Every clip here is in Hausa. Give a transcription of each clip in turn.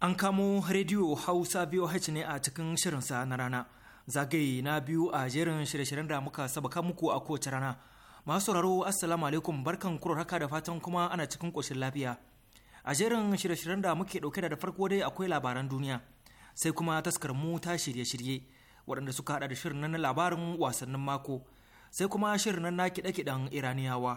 An kamo rediyo Hausa VOH ne a cikin shirinsa na rana. Zagaye na biyu a jerin shirye-shiryen da muka sabaka muku a kowace rana. Masu sauraro Assalamu alaikum barkan kuro haka da fatan kuma ana cikin ƙoshin lafiya. A jerin shirye-shiryen da muke ɗauke da farko dai akwai labaran duniya. Sai kuma taskar mu ta shirye-shirye waɗanda suka haɗa da shirin na labarin wasannin mako. Sai kuma shirin na kiɗe-kiɗen Iraniyawa.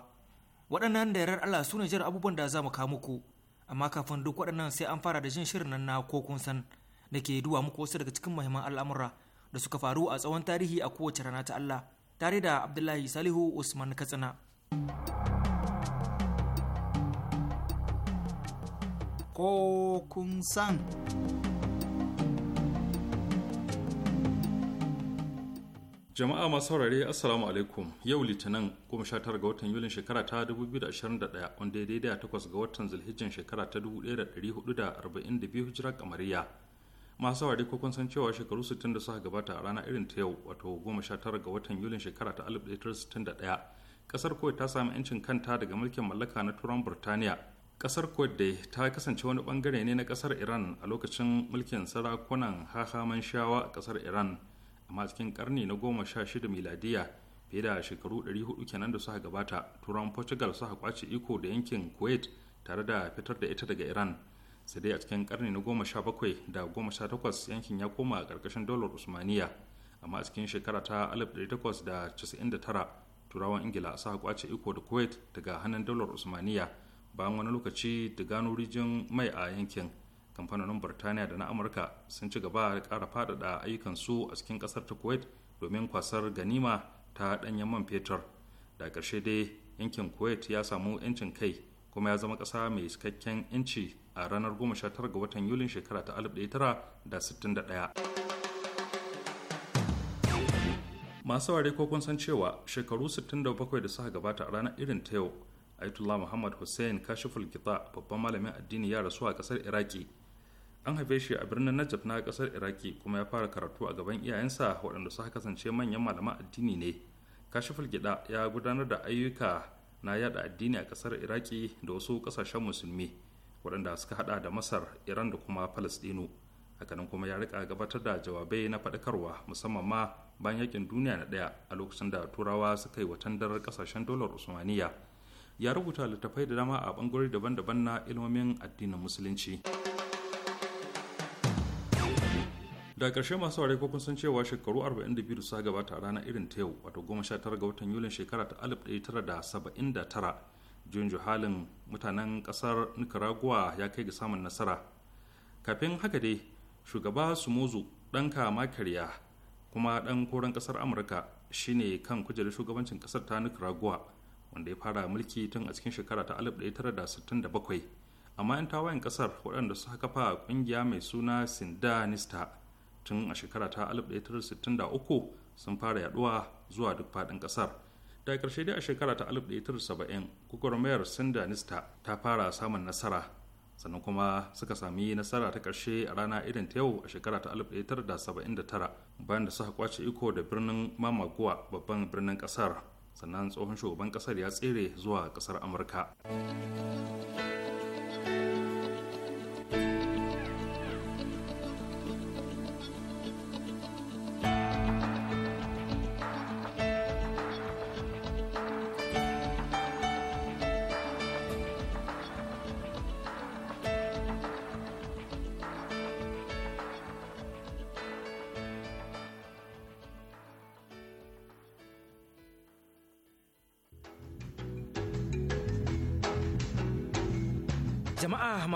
Waɗannan da yarar Allah su ne jira abubuwan da za mu kawo muku. amma kafin duk waɗannan sai an fara da jin shirin nan na ko san da ke duwa muku wasu daga cikin muhimman al'amura da suka faru a tsawon tarihi a kowace rana ta Allah tare da Abdullahi Salihu Usman Katsina. kokun kun san. jama'a masu saurare assalamu alaikum yau litinin 19 ga watan yulin shekara ta 2021 wanda ya daidai takwas ga watan zulhijjin shekara ta 1442 hijira kamariya masu saurare ko kun san cewa shekaru 60 da suka gabata a rana irin ta yau wato 19 ga watan yulin shekara ta 1961 kasar kuwait ta sami yancin kanta daga mulkin mallaka na turan burtaniya kasar kuwait dai ta kasance wani bangare ne na kasar iran a lokacin mulkin sarakunan hahaman shawa a kasar iran amma cikin karni na goma sha shida miladiya fiye da shekaru 400 kenan da suka gabata turan portugal suka kwace iko da yankin kuwait tare da fitar da ita daga iran sai dai a cikin karni na goma sha bakwai da goma sha takwas yankin ya koma a ƙarƙashin dolar usmaniya amma a cikin shekara ta 1899 turawan ingila suka kwace iko da kuwait daga hannun dolar usmaniya bayan wani lokaci da gano rijin mai a yankin kamfanonin burtaniya da na amurka sun ci gaba da ƙara faɗaɗa ayyukansu a cikin ƙasar ta kuwait domin kwasar ganima ta ɗanyen man fetur da ƙarshe dai yankin kuwait ya samu 'yancin kai kuma ya zama ƙasa mai cikakken 'yanci a ranar 19 ga watan yulin shekara ta 1961 masu ware ko kun san cewa shekaru 67 da suka gabata a ranar irin ta yau Aitullah Muhammad Hussein Kashiful gita babban malamin addini ya rasu a kasar Iraki an haife shi a birnin najaf na kasar iraki kuma ya fara karatu a gaban iyayensa waɗanda suka kasance manyan malaman addini ne kashiful gida ya gudanar da ayyuka na yada addini a kasar iraki da wasu kasashen musulmi waɗanda suka hada da masar iran da kuma palestino hakanan kuma ya rika gabatar da jawabai na faɗakarwa musamman ma bayan yakin duniya na ɗaya a lokacin da turawa suka yi watandarar kasashen dolar usmaniya ya rubuta littafai da dama a bangarori daban-daban na ilmomin addinin musulunci. da ƙarshe masu ware ko kun san cewa shekaru 42 da suka gabata a irin ta yau wato 19 ga watan yulin shekara ta 1979 junju halin mutanen ƙasar nicaragua ya kai ga samun nasara kafin haka dai shugaba sumozu ɗan kama karya kuma ɗan koren ƙasar amurka shine kan kujerar shugabancin ƙasar ta nicaragua wanda ya fara mulki tun a cikin shekara ta 1967 amma 'yan tawayen ƙasar waɗanda suka kafa ƙungiya mai suna sindanista tun a shekara ta 1963 sun fara yaduwa zuwa duk faɗin ƙasar da ƙarshe dai a shekara ta 1970 gwagwarmayar sandanista ta fara samun nasara sannan kuma suka sami nasara ta ƙarshe a rana irin ta yau a shekara ta 1979 bayan da suka kwace iko da birnin mamaguwa babban birnin ƙasar sannan tsohon shugaban ƙasar ya tsere zuwa ƙasar amurka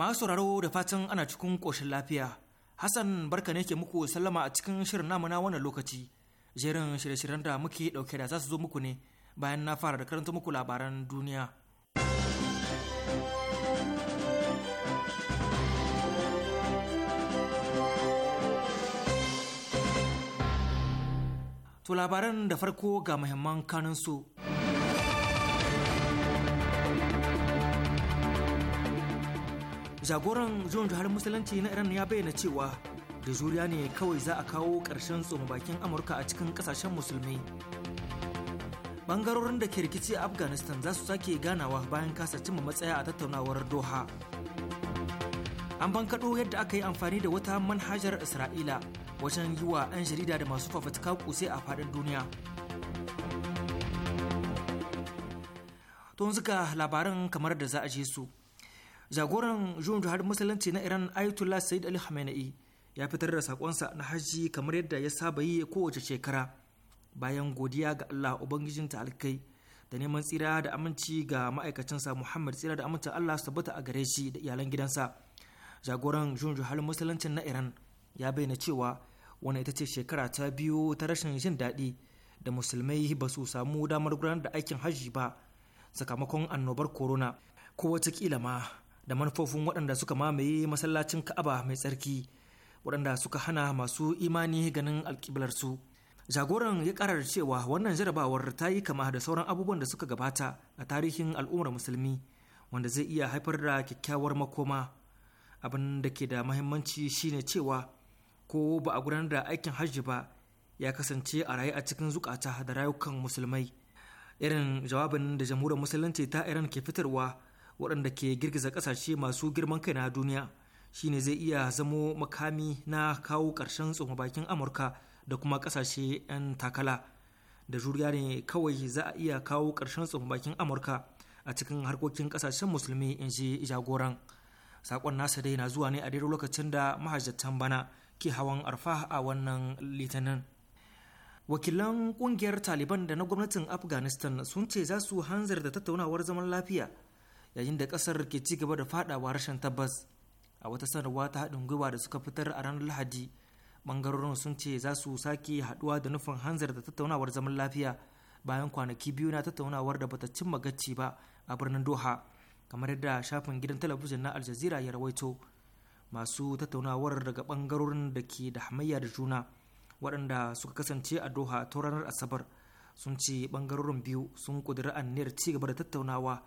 masu sauraro da fatan ana cikin ƙoshin lafiya hassan barka ne ke muku sallama a cikin shirin namu na wannan lokaci jerin shirye-shiryen da muke ɗauke da za su zo muku ne bayan na fara da karanta muku labaran duniya To labaran da farko ga muhimman kanunsu jagoran zuwan jihar musulunci na iran ya bayyana cewa da juriya ne kawai za a kawo ƙarshen tsoma bakin amurka a cikin ƙasashen Musulmi. bangarorin da ke rikici a afghanistan za su sake ganawa bayan kasa cimma matsaya a tattaunawar doha an bankaɗo yadda aka yi amfani da wata manhajar isra'ila wajen yi wa 'yan jarida da masu fafatuka kusai a faɗin duniya tun suka labaran kamar da za a je su jagoran juyin jihar musulunci na iran ayatollah said ali khamenei ya fitar da sakonsa na hajji kamar yadda ya saba yi kowace shekara bayan godiya ga allah ubangijin ta alkai da neman tsira da aminci ga ma'aikacinsa muhammad tsira da amincin allah su tabbata a gare shi da iyalan gidansa jagoran juyin jihar musulunci na iran ya bayyana cewa wani ita ce shekara ta biyu ta rashin jin daɗi da musulmai ba su samu damar gudanar da aikin hajji ba sakamakon annobar corona ko watakila ma da manufofin waɗanda suka mamaye masallacin ka'aba mai tsarki waɗanda suka hana masu imani ganin alƙiblarsu jagoran ya ƙarar cewa wannan jarabawar ta yi kama da sauran abubuwan da suka gabata a tarihin al'ummar musulmi wanda zai iya haifar da kyakkyawar makoma abin da ke da mahimmanci shine cewa ko ba a gudanar da aikin hajji ba ya kasance a raye a cikin zukata da rayukan musulmai irin jawabin da jamhuriyar musulunci ta iran ke fitarwa waɗanda ke girgiza ƙasashe masu girman kai na duniya shine zai iya zamo makami na kawo ƙarshen tsoma bakin amurka da kuma ƙasashe 'yan takala da juriya ne kawai za a iya kawo ƙarshen tsoma bakin amurka a cikin harkokin ƙasashen musulmi in ji jagoran sakon nasa dai na zuwa ne a daidai lokacin da mahajjatan bana ke hawan arfa a wannan litinin wakilan kungiyar taliban da na gwamnatin afghanistan sun ce za su hanzar da tattaunawar zaman lafiya yayin da kasar ke ci gaba da fadawa rashin tabbas a wata sanarwa ta haɗin gwiwa da suka fitar a ranar lahadi bangarorin sun ce za su sake haɗuwa da nufin hanzar da tattaunawar zaman lafiya bayan kwanaki biyu na tattaunawar da bata cimma gacci ba a birnin doha kamar yadda shafin gidan talabijin na aljazira ya rawaito masu tattaunawar daga bangarorin da ke da hamayya da juna waɗanda suka kasance a doha ta ranar asabar sun ce bangarorin biyu sun ƙudiri anniyar ci gaba da tattaunawa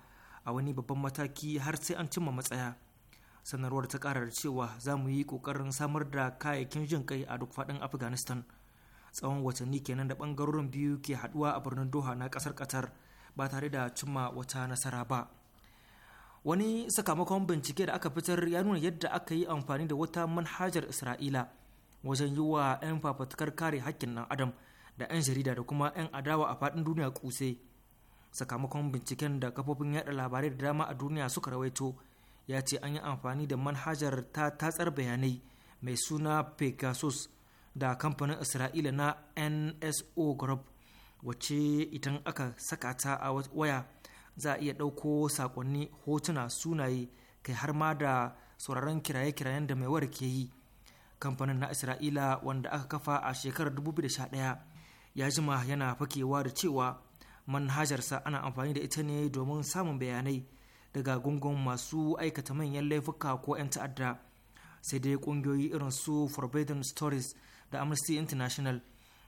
a wani babban mataki har sai an cimma matsaya sanarwar ta karar cewa za mu yi kokarin samar da kayayyakin jin kai a duk faɗin afghanistan tsawon watanni kenan da bangarorin biyu ke haduwa a birnin doha na kasar qatar ba tare da cimma wata nasara ba wani sakamakon bincike da aka fitar ya nuna yadda aka yi amfani da wata manhajar isra'ila wajen yi wa 'yan fafatakar kare hakkin ɗan adam da 'yan jarida da kuma 'yan adawa a faɗin duniya kusai sakamakon binciken da kafofin yada labarai da dama a duniya suka rawaito ya ce an yi amfani da manhajar ta tatsar bayanai mai suna pegasus da kamfanin isra'ila na nso group wacce idan aka saka ta a waya za a iya ɗauko sakonni hotuna sunaye kai har ma da sauraron kiraye-kirayen da mai wayar ke yi kamfanin na isra'ila wanda aka kafa a shekarar 2011 ya jima yana fakewa da cewa manhajarsa ana amfani da ita ne domin samun bayanai daga gungun masu aikata manyan laifuka ko 'yan ta'adda sai dai kungiyoyi irin su forbidden stories da amnesty international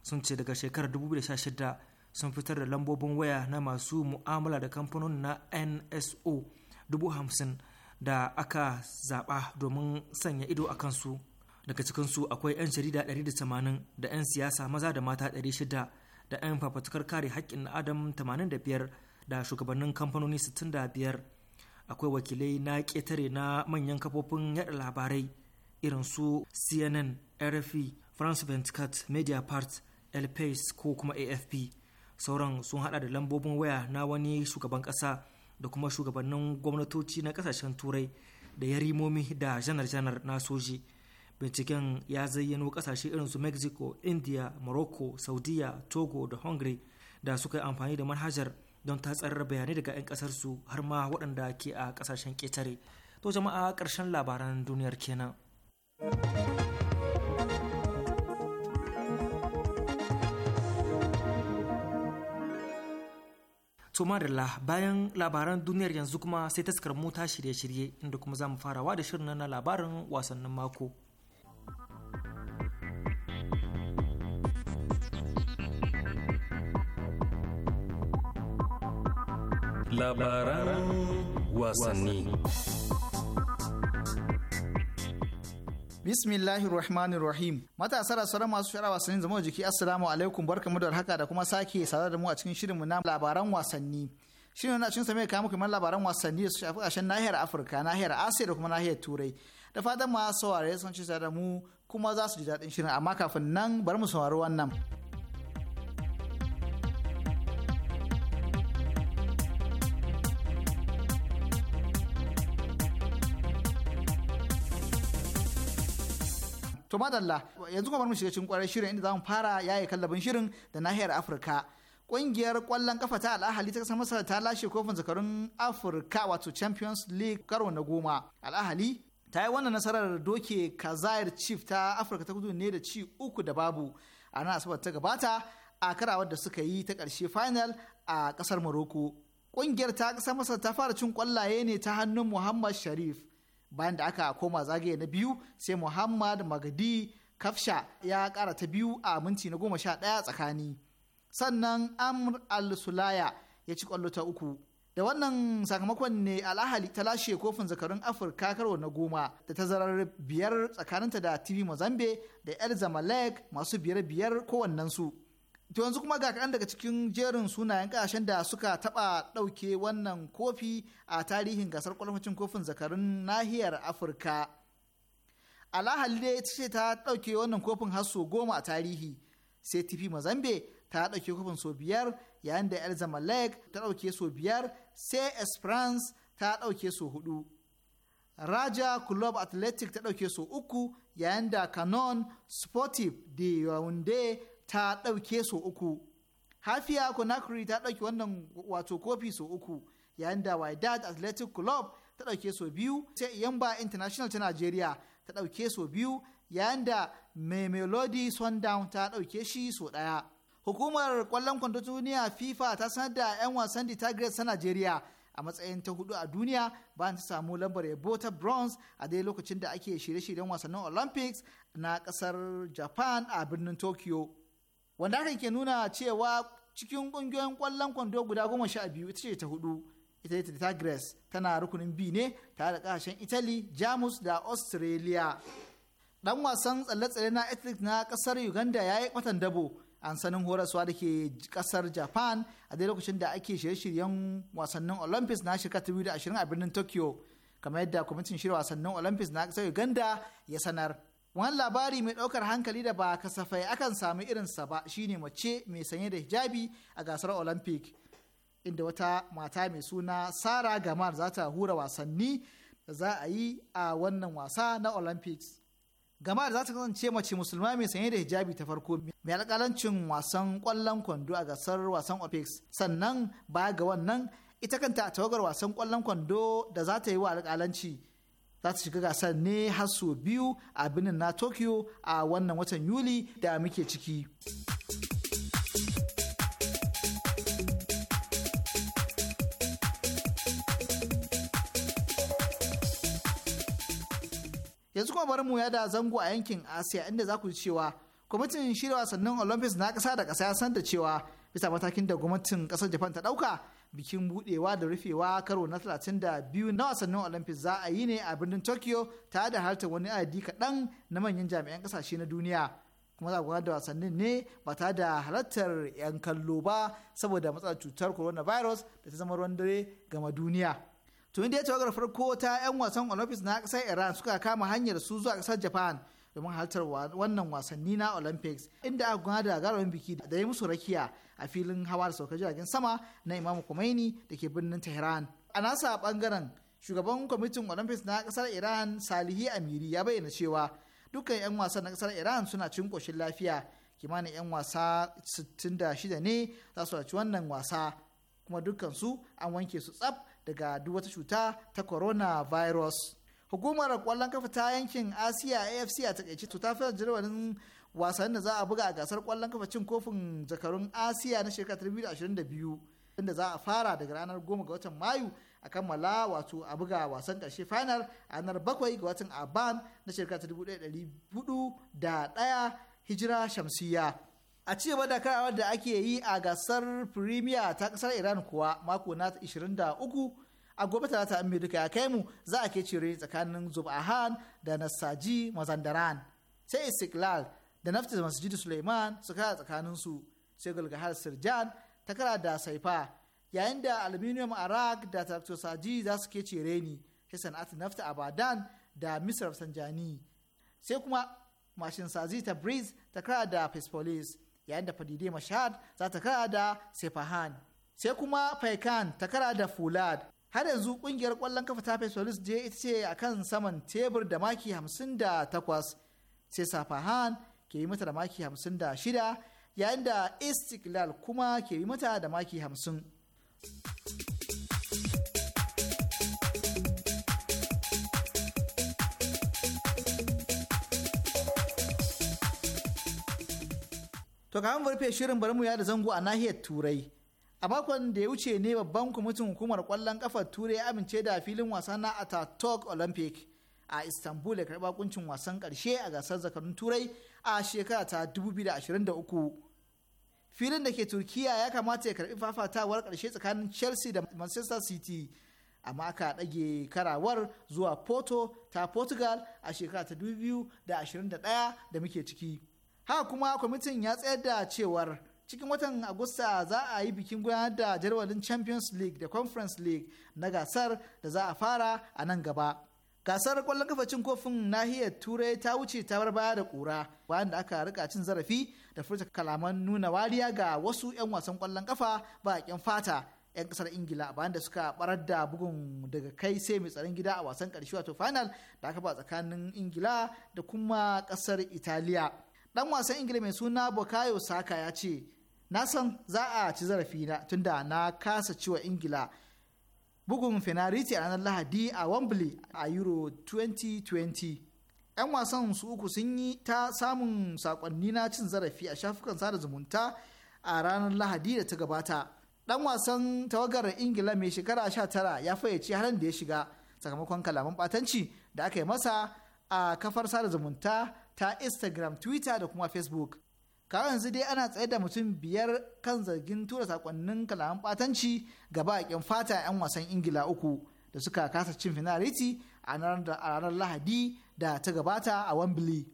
sun ce daga shekarar 2016 sun fitar da lambobin waya na masu mu'amala da kamfanonin na nso 50,000 da aka zaba domin sanya ido a kansu daga cikinsu akwai 'yan jarida 180 da 'yan siyasa maza da mata 600 da 'yan fafatukar kare haƙƙin adam 85 da shugabannin kamfanoni 65 akwai wakilai na ƙetare na manyan kafofin yada labarai irin su cnn rfi france media mediapart el pace ko kuma afp sauran sun hada da lambobin waya na wani shugaban ƙasa da kuma shugabannin gwamnatoci na ƙasashen turai da yarimomi da janar-janar na soji binciken ya zayyano kasashe irin su mexico india morocco saudiya togo da hungary da suka yi amfani da manhajar don tatsar bayanai daga 'yan kasarsu har ma waɗanda ke a kasashen ƙetare to jama'a ƙarshen labaran duniyar kenan to madalla bayan labaran duniyar yanzu kuma sai taskar ta shirye-shirye inda kuma za mu farawa da shirin na labarin wasannin mako labaran wasanni Bismillahir Rahmanir Rahim. Matasa da sauran masu shara wasannin zama jiki Assalamu alaikum barkamu da haka da kuma sake sadar da mu a cikin shirinmu na labaran wasanni. Shirin na cikin same mai kamu kamar labaran wasanni da su shafi ƙarshen nahiyar Afirka, nahiyar Asiya da kuma nahiyar Turai. Da fatan ma saurare sun ci da mu kuma za su ji daɗin shirin amma kafin nan bari mu saurari wannan. To madalla yanzu kuma mu shiga cikin kwarar shirin inda zamu fara yaye kallabin shirin da nahiyar Afirka. Kungiyar kwallon kafa ta Al'ahali ta kasar Masar ta lashe kofin zakarun Afirka wato Champions League karo na goma. Al'ahali ta yi wannan nasarar doke Kazayar Chief ta Afirka ta kudu ne da ci uku da babu a ranar Asabar ta gabata a karawar da suka yi ta karshe final a kasar Morocco. Kungiyar ta kasar Masar ta fara cin kwallaye ne ta hannun Muhammad Sharif. bayan da aka koma zagaye na biyu sai muhammad magadi kafsha ya kara ta biyu a minti na goma sha ɗaya tsakani sannan amr al-sulaya ya ci kwallo ta uku da wannan sakamakon ne alahali ta lashe kofin zakarun afirka karo na goma da tazarar biyar tsakaninta da tv mozambe da el zamalek masu biyar biyar kowannensu To yanzu kuma ga kaɗan daga cikin jerin sunayen ƙasashen da suka taɓa ɗauke wannan kofi a tarihin gasar kwalmacin kofin zakarun nahiyar Afirka. Alahalli dai ita ce ta ɗauke wannan kofin har goma a tarihi, sai tifi Mazambe ta ɗauke kofin sau biyar yayin da El Zamalek ta ɗauke sau biyar sai Esperance ta ɗauke sau hudu. Raja Club Athletic ta ɗauke sau uku yayin da Canon Sportive de Yaounde ta ɗauke so uku hafiya conakry ta ɗauki wannan wato kofi so uku yayin da wydad athletic club ta ɗauke so biyu sai yamba international ta nigeria ta ɗauke so biyu yayin da mai melody sundown ta ɗauke shi so ɗaya hukumar kwallon kwando duniya fifa ta sanar da 'yan wasan the tigres ta nigeria a matsayin ta hudu a duniya bayan ta samu lambar yabo ta bronze a dai lokacin da ake shirye-shiryen wasannin olympics na kasar japan a birnin tokyo wanda haka ke nuna cewa cikin ƙungiyoyin kwallon kwando guda goma sha biyu ita ce ta hudu ita ta Greece tana rukunin B ne tare da ƙasashen Italy, Jamus da Australia. Dan wasan tsalle-tsalle na Ethics na ƙasar Uganda ya yi kwatan dabo an sanin horaswa da ke kasar Japan a dai lokacin da ake shirye-shiryen wasannin Olympics na shekara 2020 a birnin Tokyo. kamar yadda kwamitin shirya wasannin Olympics na ƙasar Uganda ya sanar. wani labari mai ɗaukar hankali da ba kasafai akan samu sa ba shine mace mai sanye da hijabi a gasar olympic inda wata mata mai suna sara gamar za ta hura wasanni da za a yi a wannan wasa na olympics gamar za ta kasance mace musulma mai sanye da hijabi ta farko mai alƙalancin wasan ƙwallon kwando a gasar wasan olympics sannan baya ga wannan ita kanta a tawagar wasan ƙwallon kwando da za ta yi wa alƙalanci za su shiga gasar ne har sau biyu a binin na tokyo a wannan watan yuli da muke ciki yanzu kuma bari mu da zango a yankin asiya inda za ku ji cewa kwamitin shirya wasannin olympics na kasa da kasa ya san da cewa bisa matakin da gwamnatin kasar japan ta dauka bikin budewa da rufewa karo na 32 na wasannin olympics za a yi ne a birnin tokyo ta da halartar wani adadi kaɗan na manyan jami'an ƙasashe na duniya kuma za a gwada da wasannin ne ba ta da halartar 'yan kallo ba saboda matsalar cutar coronavirus da ta zama ruwan dare gama duniya to inda ya tawagar farko ta 'yan wasan olympics na ƙasar iran suka kama hanyar su zuwa ƙasar japan domin halartar wannan wasanni na olympics inda aka gudanar da gagarumin biki da ya musu rakiya a filin hawa da saukar jiragen sama na imamu kumaini da ke birnin tehran a nasa bangaren shugaban kwamitin olympics na kasar iran salihi amiri ya bayyana cewa dukkan 'yan wasa na kasar iran suna cin koshin lafiya kimanin 'yan wasa 66 ne za su ci wannan wasa kuma dukkan su an wanke su tsaf daga duk wata cuta ta coronavirus. hukumar kwallon kafa ta yankin asiya afc a takaice to ta fi jadawalin wasannin da za a buga a gasar kwallon kafa cin kofin zakarun asiya na shekara 2022 inda za a fara daga ranar 10 ga watan mayu a kammala wato a buga wasan karshe final a ranar 7 ga watan aban na shekara 1401 hijira shamsiya a cewa da karawar da ake yi a gasar premier ta kasar iran kuwa mako na 23 a gobe talata in duka ya kai mu za a ke cire tsakanin zubahan da nasaji mazandaran sai istiklal da naftis masjid suleiman su kara tsakanin su sai gulgahar sirjan ta kara da saifa yayin da aluminium arak da Saji za su ke cire ni sai sana'at nafta abadan da misr sanjani sai kuma mashin sazi ta breeze ta kara da fesfolis yayin da fadide mashad za ta kara da sefahan sai kuma faikan ta kara da fulad har yanzu kungiyar kwallon kafa ta solis je ita ce a kan saman tebur da maki 58 sai Safahan ke yi mata da maki 56 yayin da Istiklal kuma ke yi mata da maki 50. To barfe rufe shirin bari mu ya da zango a nahiyar Turai. a makon da ya wuce ne babban kwamitin hukumar kwallon kafar turai ya amince da filin wasa na atatok olympic a istanbul ya karba kuncin wasan karshe a gasar zakarun turai a shekara ta 2023 filin da ke turkiya ya kamata ya karɓi fafatawar karshe tsakanin chelsea da manchester city amma aka ɗage karawar zuwa porto ta portugal a shekara ta 2021 da muke ciki haka kuma kwamitin ya tsayar da cewar cikin watan agusta za a yi bikin gudanar da jadawalin champions league da conference league na gasar da za a fara a nan gaba gasar kwallon kafa cin kofin nahiyar turai ta wuce ta bar baya da kura bayan da aka rika cin zarafi da furta kalaman nuna wariya ga wasu 'yan wasan kwallon kafa yan fata 'yan kasar ingila bayan da suka barar da bugun daga kai sai mai tsaron gida a wasan karshe wato final da aka ba tsakanin ingila da kuma kasar italiya dan wasan ingila mai suna bokayo saka ya ce na san za a ci zarafi na tunda na kasa ciwa ingila bugun fenariti a ranar lahadi a wembley a euro 2020 'yan wasan su uku sun yi ta samun sakonni na cin zarafi a shafukan sada zumunta a ranar lahadi da ta gabata dan wasan tawagar ingila mai shekara 19 ya fayyace halin da ya shiga sakamakon kalaman batanci da aka yi masa a kafar sada zumunta ta instagram twitter da kuma facebook ka yanzu dai ana tsaye da mutum biyar kan zargin tura sakonnin kalaman batanci ga baƙin fata 'yan wasan ingila uku da suka kasa cin finaliti a ranar lahadi da ta gabata a wembley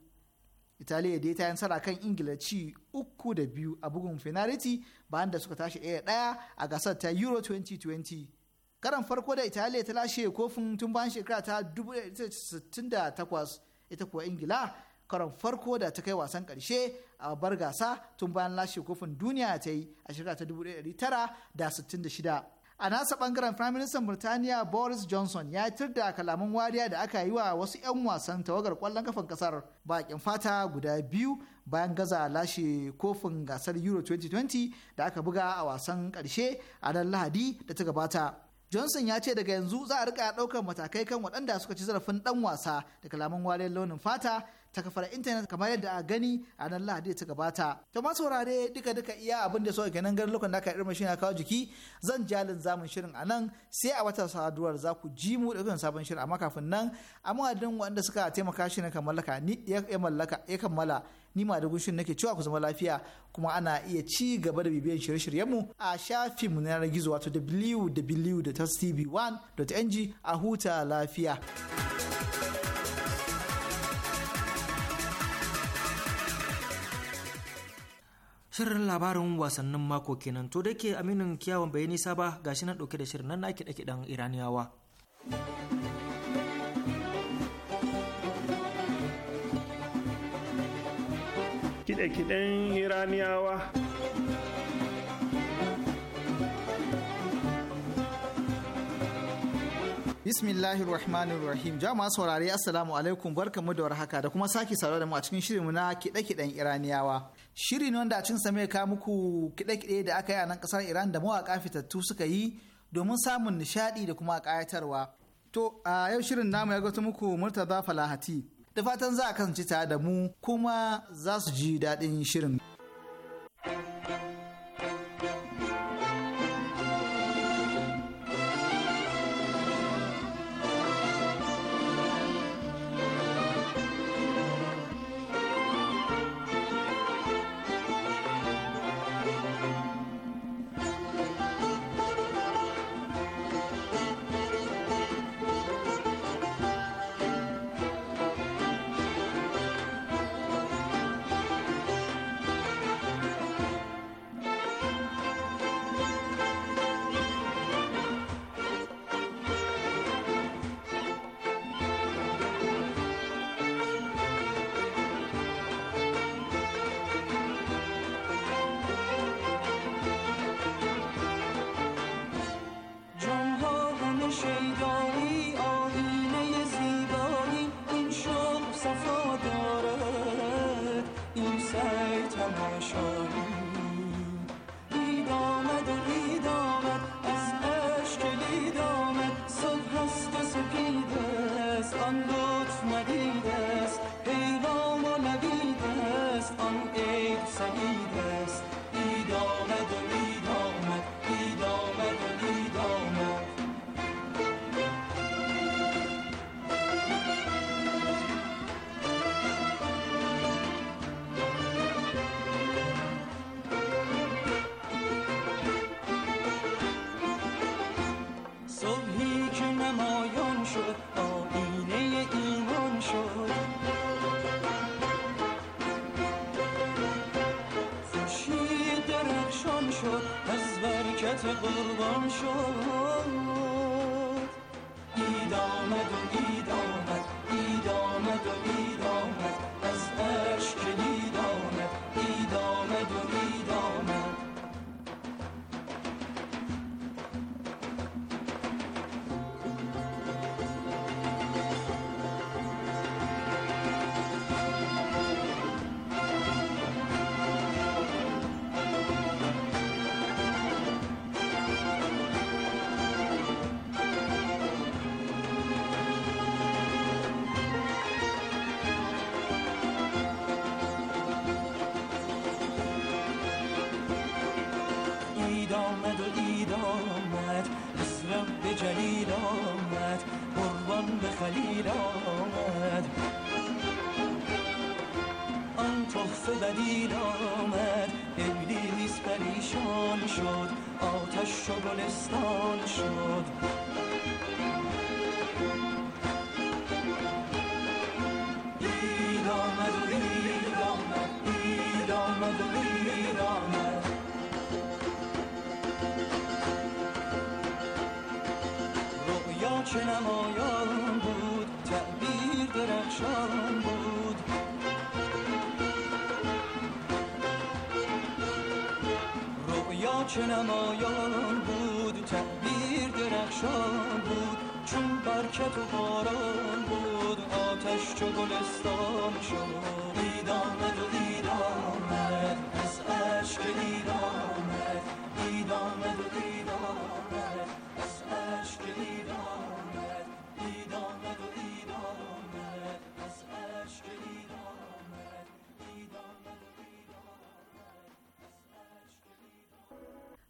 italiya dai ta yi yansara kan ingila ci uku da biyu a bugun finaliti bayan da suka tashi ɗaya ɗaya a gasar ta euro 2020 karan farko da italiya ta lashe kofin tun bayan shekara ta 1968 ita kuwa ingila karon farko da ta kai wasan karshe a babbar gasa tun bayan lashe kofin duniya ta yi a shekara ta shida. a nasa bangaren firaministan birtaniya boris johnson ya da kalaman wariya da aka yi wa wasu 'yan wasan tawagar kwallon kafan kasar bakin fata guda biyu bayan gaza lashe kofin gasar euro 2020 da aka buga a wasan karshe a nan lahadi da ta gabata johnson ya ce daga yanzu za a rika ɗaukar matakai kan waɗanda suka ci zarafin ɗan wasa da kalaman wariyar launin fata ta kafar intanet kamar yadda a gani a nan lahadi ta gabata to ma saurare duka duka iya abin da so garin lokacin da aka irin shi na kawo jiki zan jalin zamun shirin a nan sai a wata saduwar za ku ji mu da sabon shirin amma kafin nan a madadin wanda suka taimaka shi na ni ya mallaka ya kammala ni ma da gushin nake cewa ku zama lafiya kuma ana iya ci gaba da bibiyan shirye mu a shafinmu na gizo wato www.tv1.ng a huta lafiya. shirin labarin wasannin mako kenan to da ke aminin kyawun bai nisa ba gashi na ɗauke da shirin nan na kiɗe-kiɗen iraniyawa kiɗe iraniyawa Bismillahir Rahmanir Rahim. Jama'a saurare Assalamu alaikum barkamu da warhaka da kuma sake saurare da mu a cikin shirinmu na kiɗe-kiɗen Iraniyawa. shiri ne wanda a cin same ka muku kiɗe-kiɗe da aka yi a nan ƙasar iran da mawaƙa fitattu suka yi domin samun nishaɗi da kuma ƙayatarwa to a yau shirin namu ya gato muku murtaza falahati da fatan za a kasance tare da mu kuma za su ji daɗin shirin آن لطف ندیده است پیرام و ندیده است آن عیب سهید است بیداغ دنیا به قربان شد اید آمد و اید آمد اید آمد و اید آمد چه نمایان بود تعبیر درخشان بود رویا چه نمایان درخشان بود چون برکت و باران بود آتش چو گلستان شد آمد و آمد از عشق آمد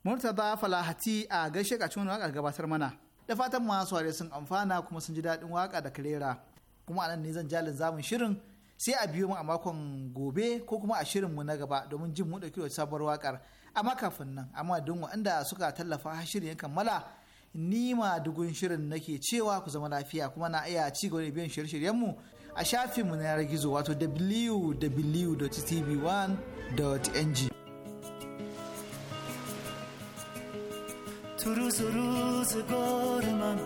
Murtaba Falahati a gaishe ka cikin wakar gabatar mana. Da fatan masu ware sun amfana kuma sun ji daɗin waka da karera. Kuma a nan ne zan jalin zamun shirin sai a biyo mu a makon gobe ko kuma a shirin mu na gaba domin jin mu ɗauki wata sabuwar wakar Amma kafin nan, amma don waɗanda suka tallafa shirin ya kammala ni ma dugun shirin nake cewa ku zama lafiya kuma na iya ci gaba da biyan shirye-shiryenmu a shafinmu na yanar gizo wato www.tv1.ng. تو روز و روزگار من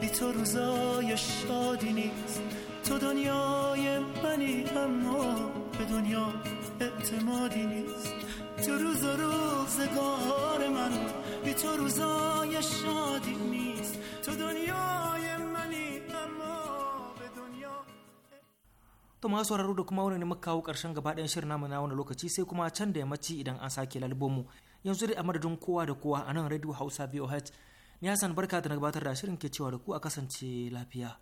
بی تو روزای شادی نیست تو دنیای منی اما به دنیا اعتمادی نیست تو روز و روزگار من بی تو روزای شادی نیست تو دنیای منی اما to masu sauraro kuma wannan ne muka kawo karshen gaba ɗayan shirin namu na wannan lokaci sai kuma can da mace idan an sake lalbo yanzu dai a madadin kowa da kowa a nan radio hausa voh ni hassan barka da na gabatar da shirin ke cewa da ku a kasance lafiya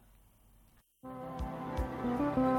thank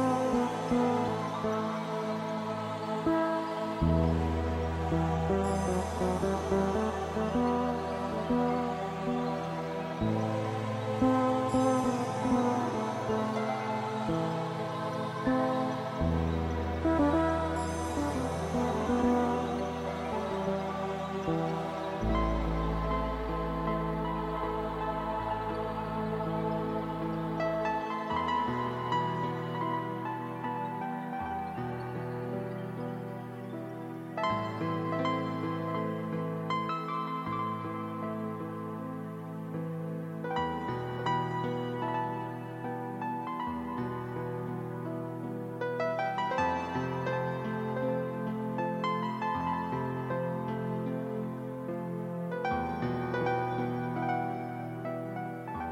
Бог.